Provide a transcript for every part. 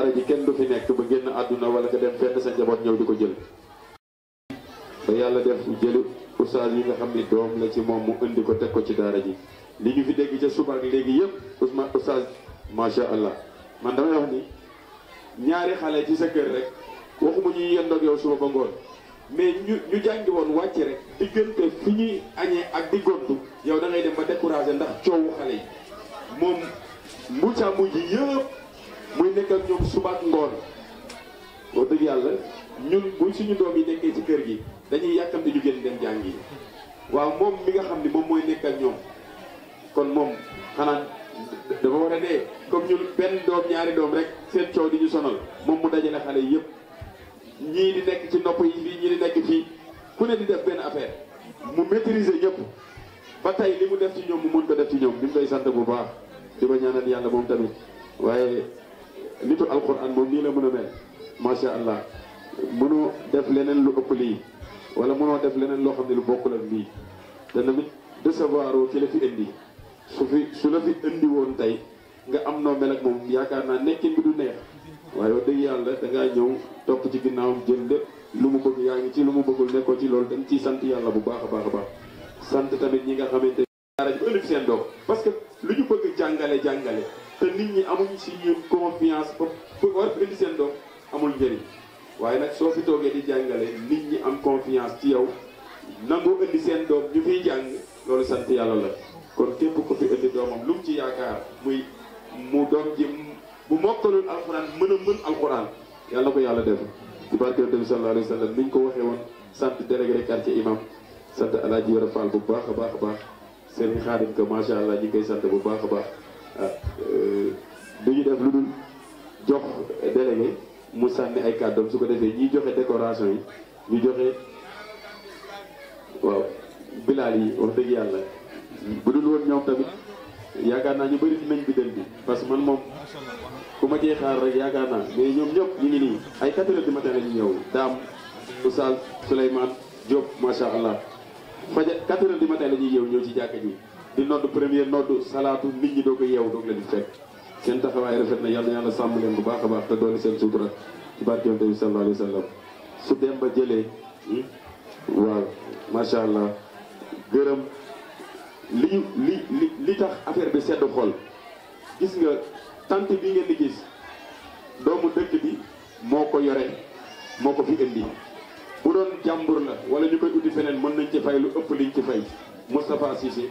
daara ji kenn du fi nekk génn àdduna wala nga dem fenn sa ko jël ba yàlla def jëli oustaz yi nga xam ni doom la ci moom mu indi ko teg ko ci daara ji li ñu fi dégg ca suba ak léegi yëpp Ousmane oustaz macha allah man damay wax ni ñaari xale ci sa kër rek waxuma ñuy yendoog yow suba ba ngoon mais ñu ñu woon wàcc rek diggante fi ñuy añee ak di gontu yow da ngay dem ba découragé ndax coowu xale yi moom mbucaamu ji yëpp muy nekk ak ñoom suba ak ngoon boo dëgg yàlla ñun buñ suñu doom yi nekkee ci kër gi dañuy yàkkamte ñu génn dem jàngi waaw moom mi nga xam ni moom mooy nekk ak ñoom kon moom xanaa dafa war a dee comme ñun benn doom ñaari doom rek seen coow di ñu sonal moom mu dajale xale yëpp ñii di nekk ci nopp yi fii ñii di nekk fii ku ne di def benn affaire mu maîtriser ñëpp ba tey li mu def ci ñoom mu mun ko def ci ñoom ñu ngi koy sant bu baax di ko ñaanal yàlla moom tamit waaye nitu alquran moom ni la mën mel ma sha allah mënoo def lenen lu ëpp li wala mënoo def lenen lo xamni lu bokkul ak lii dana mit décevoir oo ki la fi indi su fi su la fi indi won tay nga am no mel ak mom yaakaar naa bi du neex waaye wax dëgg yàlla da nga ñew top ci ginnaawam jël lepp lu mu bëgg yaangi ci lu mu bëggul nekkoo ci loolu dañ ci sant yalla bu baax baax baax sant tamit ñi nga xamanteni dara ci ëllëg seen doom parce que lu ñu bëgg jàngale jàngale te nit ñi amuñ si ñun confiance ba pour war indi seen doom amul njëriñ waaye nag soo fi toogee di jàngale nit ñi am confiance ci yow nangu indi seen doom ñu fiy jàng loolu sant yàlla la kon képp ko fi indi doomam lu ci yaakaar muy mu doom ji bu mokkalul alxuraan mën a mën alxuraan yàlla ko yàlla def ci barke nabi sallallahu alayhi wa sallam ni ñu ko waxee woon sant délégué quartier imam sant alaaji Yoro Fall bu baax a baax a baax sëriñ Xaadim ko macha allah duñu def luddul jox délégué mu sanni ay cadeau su ko défé ñi joxé décoration yi ñu joxé waaw bilal yi wax dëgg yalla bu dul won ñom tamit yaakaar naa ñu bëri nañ bi dem bi parce que man moom ku ma cee xaar rek yaakaar naa mais ñoom ñëpp ñu ngi nii ay 4 du matin ñu ñëw daam Oustaz Souleymane Diop macha allah faja 4 di du matin la ñuy ñëw ñëw ci jàkka ji di noddu premier noddu salaatu nit ñi doo ko yeew doog la di fekk seen taxaway rafet na yalla na sam len bu baakha baax te doole seen sutura ci barke yonent bi sallallahu alayhi wa su dem ba jëlee hmm? waaw sha allah geureum li li li li tax affaire bi sedd xol gis nga tante bi ngeen di gis doomu dekk bi moko yore moko fi indi bu doon jambour la wala ñukoy uddi feneen mën nañ ci fay lu ëpp liñ ci fay Moustapha sisi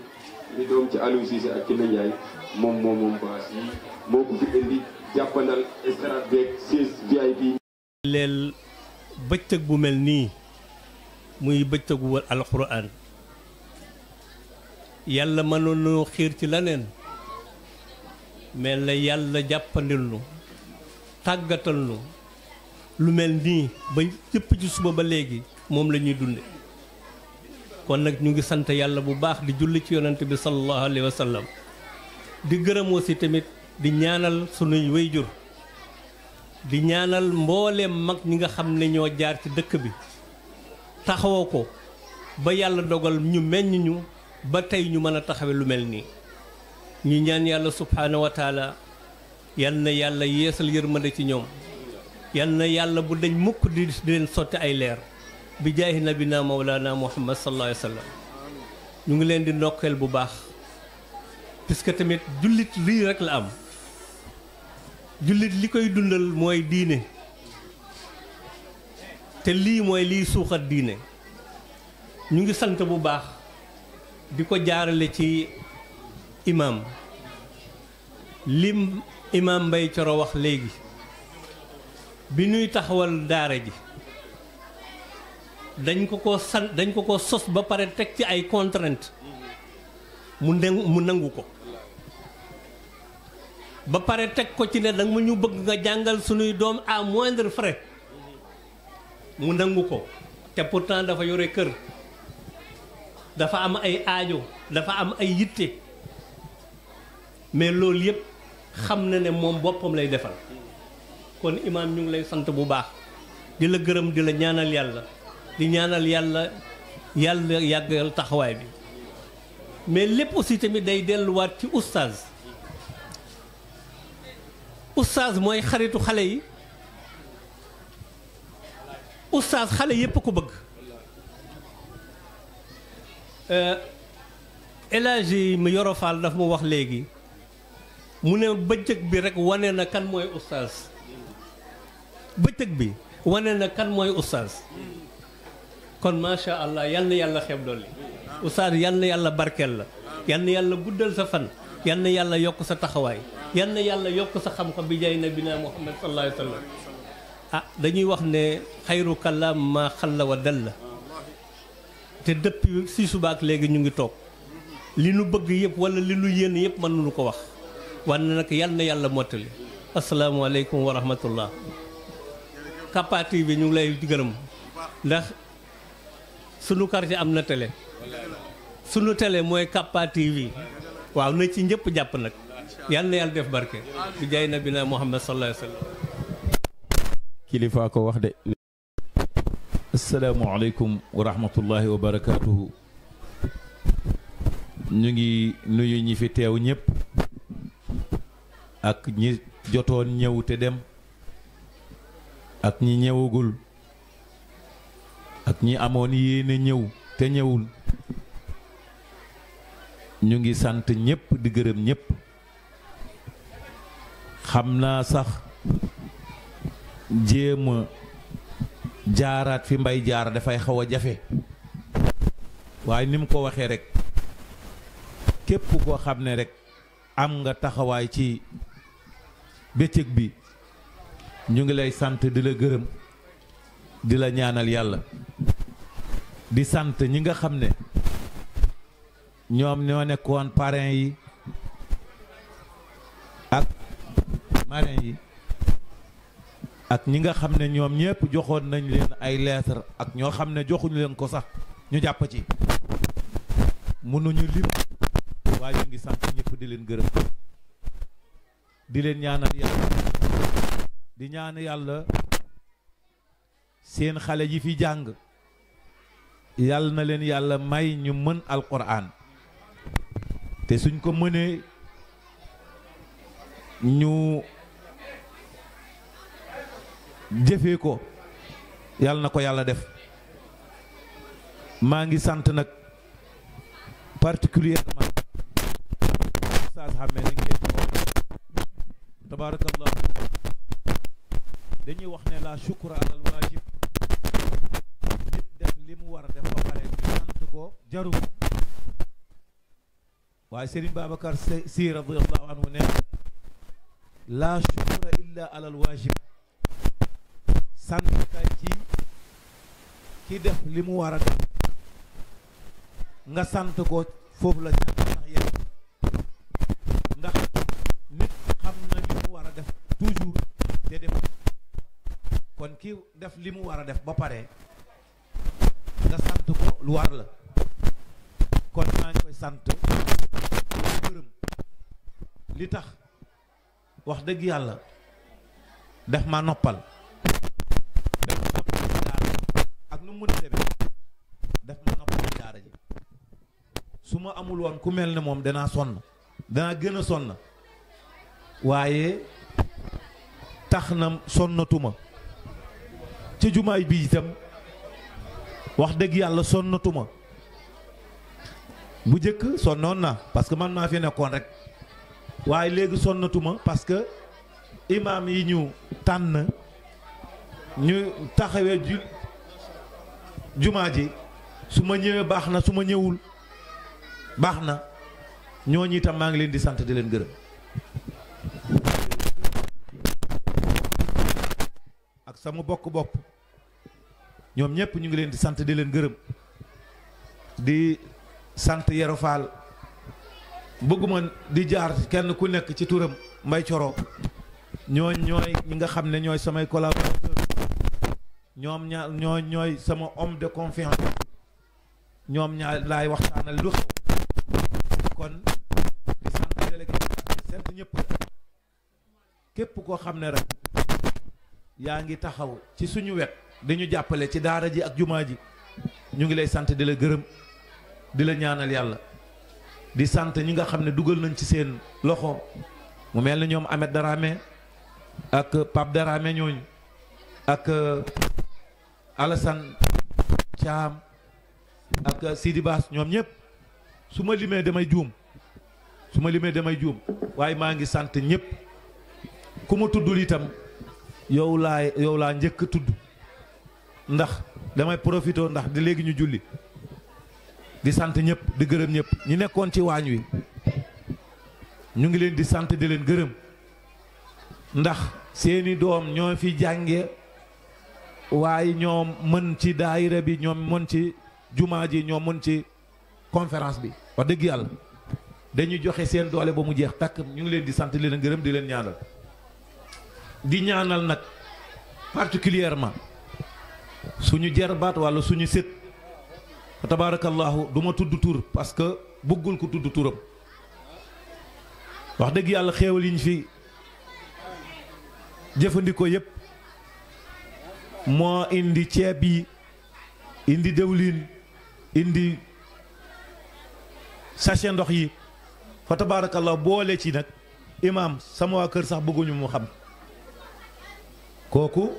mi doom ci Aliou si ak Kine Ndiaye moom moom moom bagaas yi moo ko fi indi jàppandal estrade beeg siis bu mel nii muy bëccëgu wal yàlla mënoon xiir ci leneen mais la yàlla jàppandil nu ci suba ba léegi moom lañuy ñuy dunde kon nag ñu ngi sant yàlla bu baax di julli ci yonent bi sallallahu alayhi wa sallam di gërëm si tamit di ñaanal sunuy jur di ñaanal mboolem mag ñi nga xam ne ñoo jaar ci dëkk bi taxawoo ko ba yàlla dogal ñu meññ ba tey ñu mën a taxawe lu mel nii ñu ñaan yàlla subhaanahu wa taala na yàlla yeesal yërmande ci ñoom yal na yàlla bu dañ mukk di di leen sotti ay leer bi jaahi na mawlana muhammad sallallahu alayhi wa sallam ñu ngi leen di ndokkeel bu baax puisque tamit jullit lii rek la am jullit li koy dundal mooy diine te lii mooy liy suuxat diine ñu ngi sant bu baax di ko jaarale ci imaam lim imaam Mbaye Coro wax léegi bi ñuy taxawal daara ji dañ ko ko san dañ ko ko sos ba pare teg ci ay contrainte mu ne mu nangu ko ba pare teg ko ci ne danga mu ñu bëgg nga jàngal suñuy doom à moindre frais mu nangu ko te pourtant dafa yore kër dafa am ay aajo dafa am ay yitte mais loolu yëpp xam na ne moom boppam lay defal kon imaam ñu ngi lay sant bu baax di la gërëm di la ñaanal yàlla di ñaanal yàlla yàlla yàggal taxawaay bi mais lépp aussi tamit day delluwaat ci oustaz oustaz mooy xaritu xale yi oustaz xale yépp ko bëgg élage euh, yi mu yorofaal daf mu wax léegi mu ne bëccëg bi rek wane na kan mooy oustaz bëccëg bi wane na kan mooy oustaz kon macha allah yal yàlla xeeb dolli oustaz yal yàlla barkeel la yal na yàlla guddal sa fan yal yàlla yokk sa taxawaay yal yàlla yokk sa xam-xam bi jaay nabina muhammad sallallahu alayhi wa sallam ah, dañuy wax ne xayru kalaam maa xalla wa dalla te depuis si baat léegi ñu ngi toog li nu bëgg yëpp wala li nu yéen yëpp mën nañu ko wax wanne nag yal na yàlla mottali asalaamaaleykum wa rahmatullah Capa bi ñu ngi lay gërëm ndax sunu quartier am na télé sunu télé mooy Kappa TV waaw na ci ñëpp jàpp nag yal na yàlla def barke bi jaay na bi Muhammad sallallahu kilifa ko wax de asalaamaaleykum wa rahmatullahi wa ñu ngi nuyu ñi fi teew ñëpp ak ñi jotoon ñëw te dem ak ñi ñëwagul ñi amoon yéene ñëw te ñëwul ñu ngi sant ñépp di gërëm ñépp xam naa sax jéema jaaraat fi mbay jaar dafay xaw a jafe waaye ni mu ko waxee rek képp koo xam ne rek am nga taxawaay ci bëccëg bi ñu ngi lay sant di la gërëm di la ñaanal yàlla di sant ñi nga xam ne ñoom ñoo nekkoon parrain yi ak marraine yi ak ñi nga xam ne ñoom ñépp joxoon nañ leen ay lettre ak ñoo xam ne joxuñu leen ko sax ñu jàpp ci mënuñu lim waaye ñu ngi sant ñépp di leen gërëm di leen ñaanal yàlla di ñaan yàlla seen xale yi fi jàng yàlla na leen yàlla may ñu mën alquran te suñ ko mënee ñu jëfee ko yàlla na ko yàlla def maa ngi sant nag particulièrement oustaz xamee dañuy wax ne la shukra alal ko jaru waaye Serigne Babacar Sy radiyallahu anhu ne la shukra illa alal waajib sànnikay ci ki def li mu war a def nga sant ko foofu la sant sax ndax nit xam na li mu war def toujours te def kon ki def li mu war def ba pare nga sant ko lu war la sant gërëm li tax wax dëgg yàlla def ma noppal ak nu mën def ma su ma amul woon ku mel ni moom danaa sonn danaa gën a sonn waaye tax na sonnatuma ci jumaay bi itam wax dëgg yàlla sonnatuma bu njëkk sonnoon na parce que man maa fi nekkoon rek waaye léegi sonnatuma parce que imaam yi ñu tànn ñu taxawee jumaa ji su ma ñëwee baax na su ma ñëwul baax na ñooñu itam maa ngi leen di sant di leen gërëm ak sama bokk bopp ñoom ñëpp ñu ngi leen di sant di leen gërëm di sant Yero Fall bëgguma di jaar kenn ku nekk ci turam mbay coro ñooy nga xam ne ñooy samay collaborateur ñoom ñaar ñooy ñooy sama homme de confiance ñoom ñaar laay waxtaanal lu xew kon di sant délégué sant ñëpp képp koo xam ne rek yaa ngi taxaw ci suñu wet dañu jàppale ci daara ji ak jumaa ji ñu ngi lay sant di la gërëm di la ñaanal yàlla di sant ñi nga xam ne dugal nañ ci seen loxo mu mel ni ñoom Ahmed Darame ak Pape Darame ñooñu ak euh, Alassane Thiam ak euh, Sidi Baas ñoom ñëpp su ma limee damay juum su ma limee damay juum waaye maa ngi sant ñëpp ku mu tuddul itam yow laa yow laa njëkk tudd ndax damay profité ndax di léegi ñu julli di sant ñëpp di gërëm ñëpp ñi nekkoon ci waañ wi ñu ngi leen di sant di leen gërëm ndax seeni doom ñoo fi jànge waaye ñoo mën ci daayira bi ñoo mën ci jumaa ji ñoo mën ci conférence bi wax dëgg yàlla dañuy joxe seen doole ba mu jeex takk ñu ngi leen di sant di leen gërëm di leen ñaanal di ñaanal nag particulièrement suñu jarbaat walla suñu sët tabaarakallaahu du ma tudd tur parce que bëggul ko tudd turam wax dëgg yàlla xéewal yi fi jëfandikoo yépp moo indi ceeb yi indi dëwlin indi sachet ndox yi fa tabaarakallaahu boole ci nag imaam sama waa kër sax bëgguñu mu xam kooku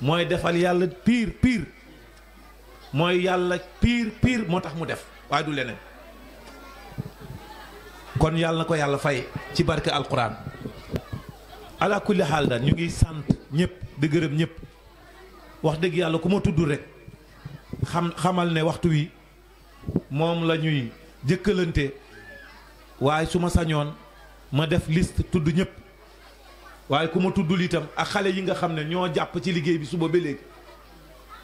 mooy defal yàlla piir piir mooy yàlla piir piir moo tax mu def waaye du leneen kon yàlla na ko yàlla fay ci barke alquran ala kulli ñu ngi sant ñëpp di gërëm ñëpp wax dëgg yàlla ku ma tudd rek xam xamal ne waxtu wi moom la ñuy jëkkalante waaye su ma sañoon ma def list tudd ñëpp waaye ku ma tuddul itam ak xale yi nga xam ne ñoo jàpp ci liggéey bi suba ba léegi.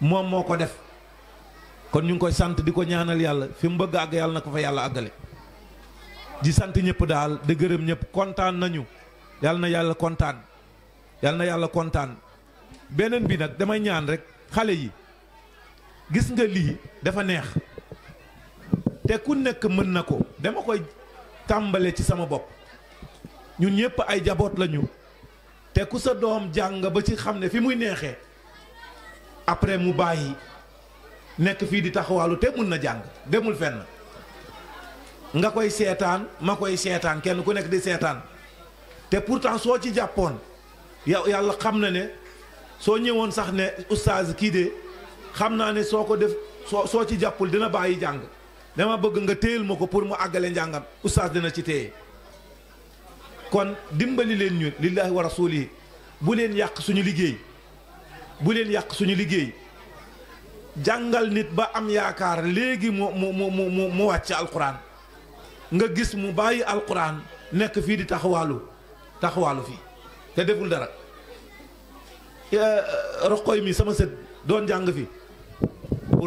moom moo ko def kon ñu ngi koy sant di ko ñaanal yàlla fi mu bëgg àgg yàlla na ko fa yàlla àggale di sant ñëpp daal di gërëm ñëpp kontaan nañu yàlla na yàlla kontaan yàlla na yàlla kontaan beneen bi nag damay ñaan rek xale yi gis nga lii dafa neex te ku nekk mën na ko dama koy tàmbale ci sama bopp ñun ñëpp ay jaboot lañu te ku sa doom jàng ba ci xam ne fi muy neexee après mu bàyyi nekk fii di taxawaalu te mun na jàng demul fenn nga koy seetaan ma koy seetaan kenn ku nekk di seetaan te pourtant soo ci jàppoon yàlla xam na ne soo ñëwoon sax ne oustaz kii de xam naa ne soo ko def soo soo ci jàppul dina bàyyi jàng dama bëgg nga téel ma ko pour mu àggale njàngam oustaz dina ci téye kon dimbali leen ñu lillahi wa rasuuli bu leen yàq suñu liggéey bu leen yàq suñu liggéey jàngal nit ba am yaakaar léegi mu mu mu mu mu wàcc alquran nga gis mu bàyyi alxuraan nekk fii di taxawaalu taxawaalu fii te deful dara roqoy mi sama set doon jàng fi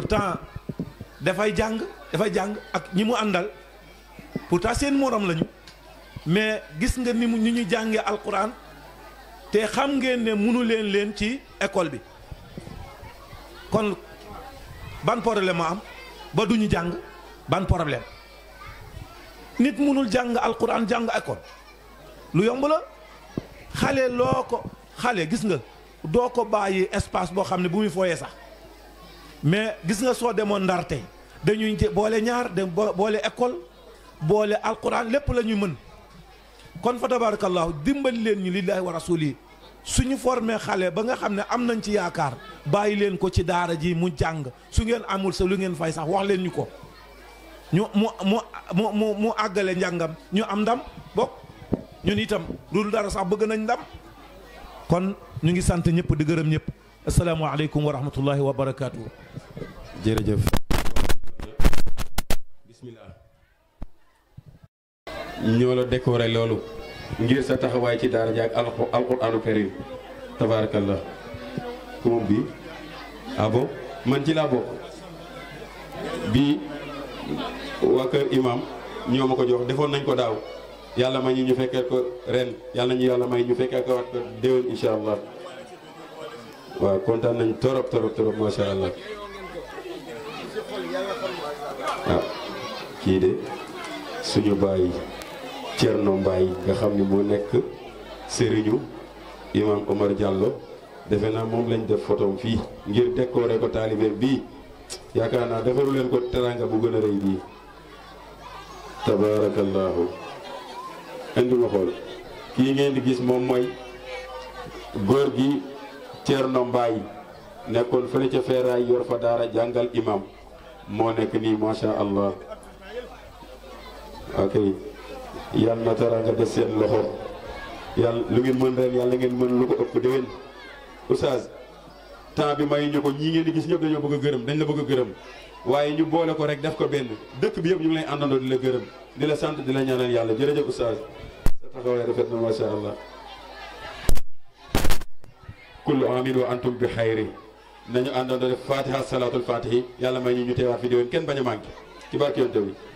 temps dafay jàng dafay jàng ak ñi mu àndal pourtant seen morom lañu mais gis nga ni mu ñu ñuy jàngee alquran te xam ngeen ne munu leen leen ci école bi kon ban problème ma am ba duñu jàng ban problème nit mënul jàng alquran jàng école lu yomb la xale loo ko xale gis nga doo ko bàyyi espace boo xam ne bu muy fooyee sax mais gis nga soo demoon ndar tey dañuy boole ñaar de boole école boole alquran lépp la ñuy mën kon fa tabaarakallaahu dimbali leen ñu lillaahi wa rasuuli suñu formee xale ba nga xam ne am nañ ci yaakaar bàyyi leen ko ci daara ji mu jàng su ngeen amul sa lu ngeen fay sax wax leen ñu ko ñu mu mu mu mu àggale njàngam ñu am ndam bokk ñun itam loolu dara sax bëgg nañ ndam kon ñu ngi sant ñëpp di gërëm ñëpp asalaamaaleykum wa rahmatullahi wa barakaatu. jërëjëf. bismillah. ñoo la décoré loolu ngir sa taxawaay ci daara ji ak alquranu karim tabarakallah ku moom bi abo ah man ci laa bokk bi waa kër imam ñoo ma ko jox defoon nañ ko daaw yàlla may ñu fekkee ko ren yàlla ñu yàlla may ñu fekkee ko waat ko déwén incha kontaan nañ torop torop torop macha ah, kii de suñu baay yi Thierno Mbaye nga xam ni moo nekk sëriñu imam Omar Diallo defe naa moom lañ def photom fii ngir décorer ko taalibeem bii yaakaar naa defaru leen ko teranga bu gën a rëy bii tabaarakallaahu indi ma kii ngeen di gis moom mooy góor gi Thierno Mbaye nekkoon fële ca feeraay yor fa daara jàngal imam moo nekk nii macha allah yal na teranga ba seen loxo yàlla lu ngeen mën ren yàlla ngeen mën lu ko ëpp déwén oustaz temps bi may ñu ko ñii ngeen di gis ñëpp dañoo bëgg a gërëm dañ la bëgg a gërëm waaye ñu boole ko rek def ko benn dëkk bi yëpp ñu lay àndandoo di la gërëm di la sant di la ñaanal yàlla jërëjëf oustaz sa taxawaay rafet na macha allah kullu amin wa antum bi xayri nañu àndandoo def fatiha salaatul fatihi yàlla may ñu ñu teewaat fi déwén kenn bañ a manqué ci barke yonte bi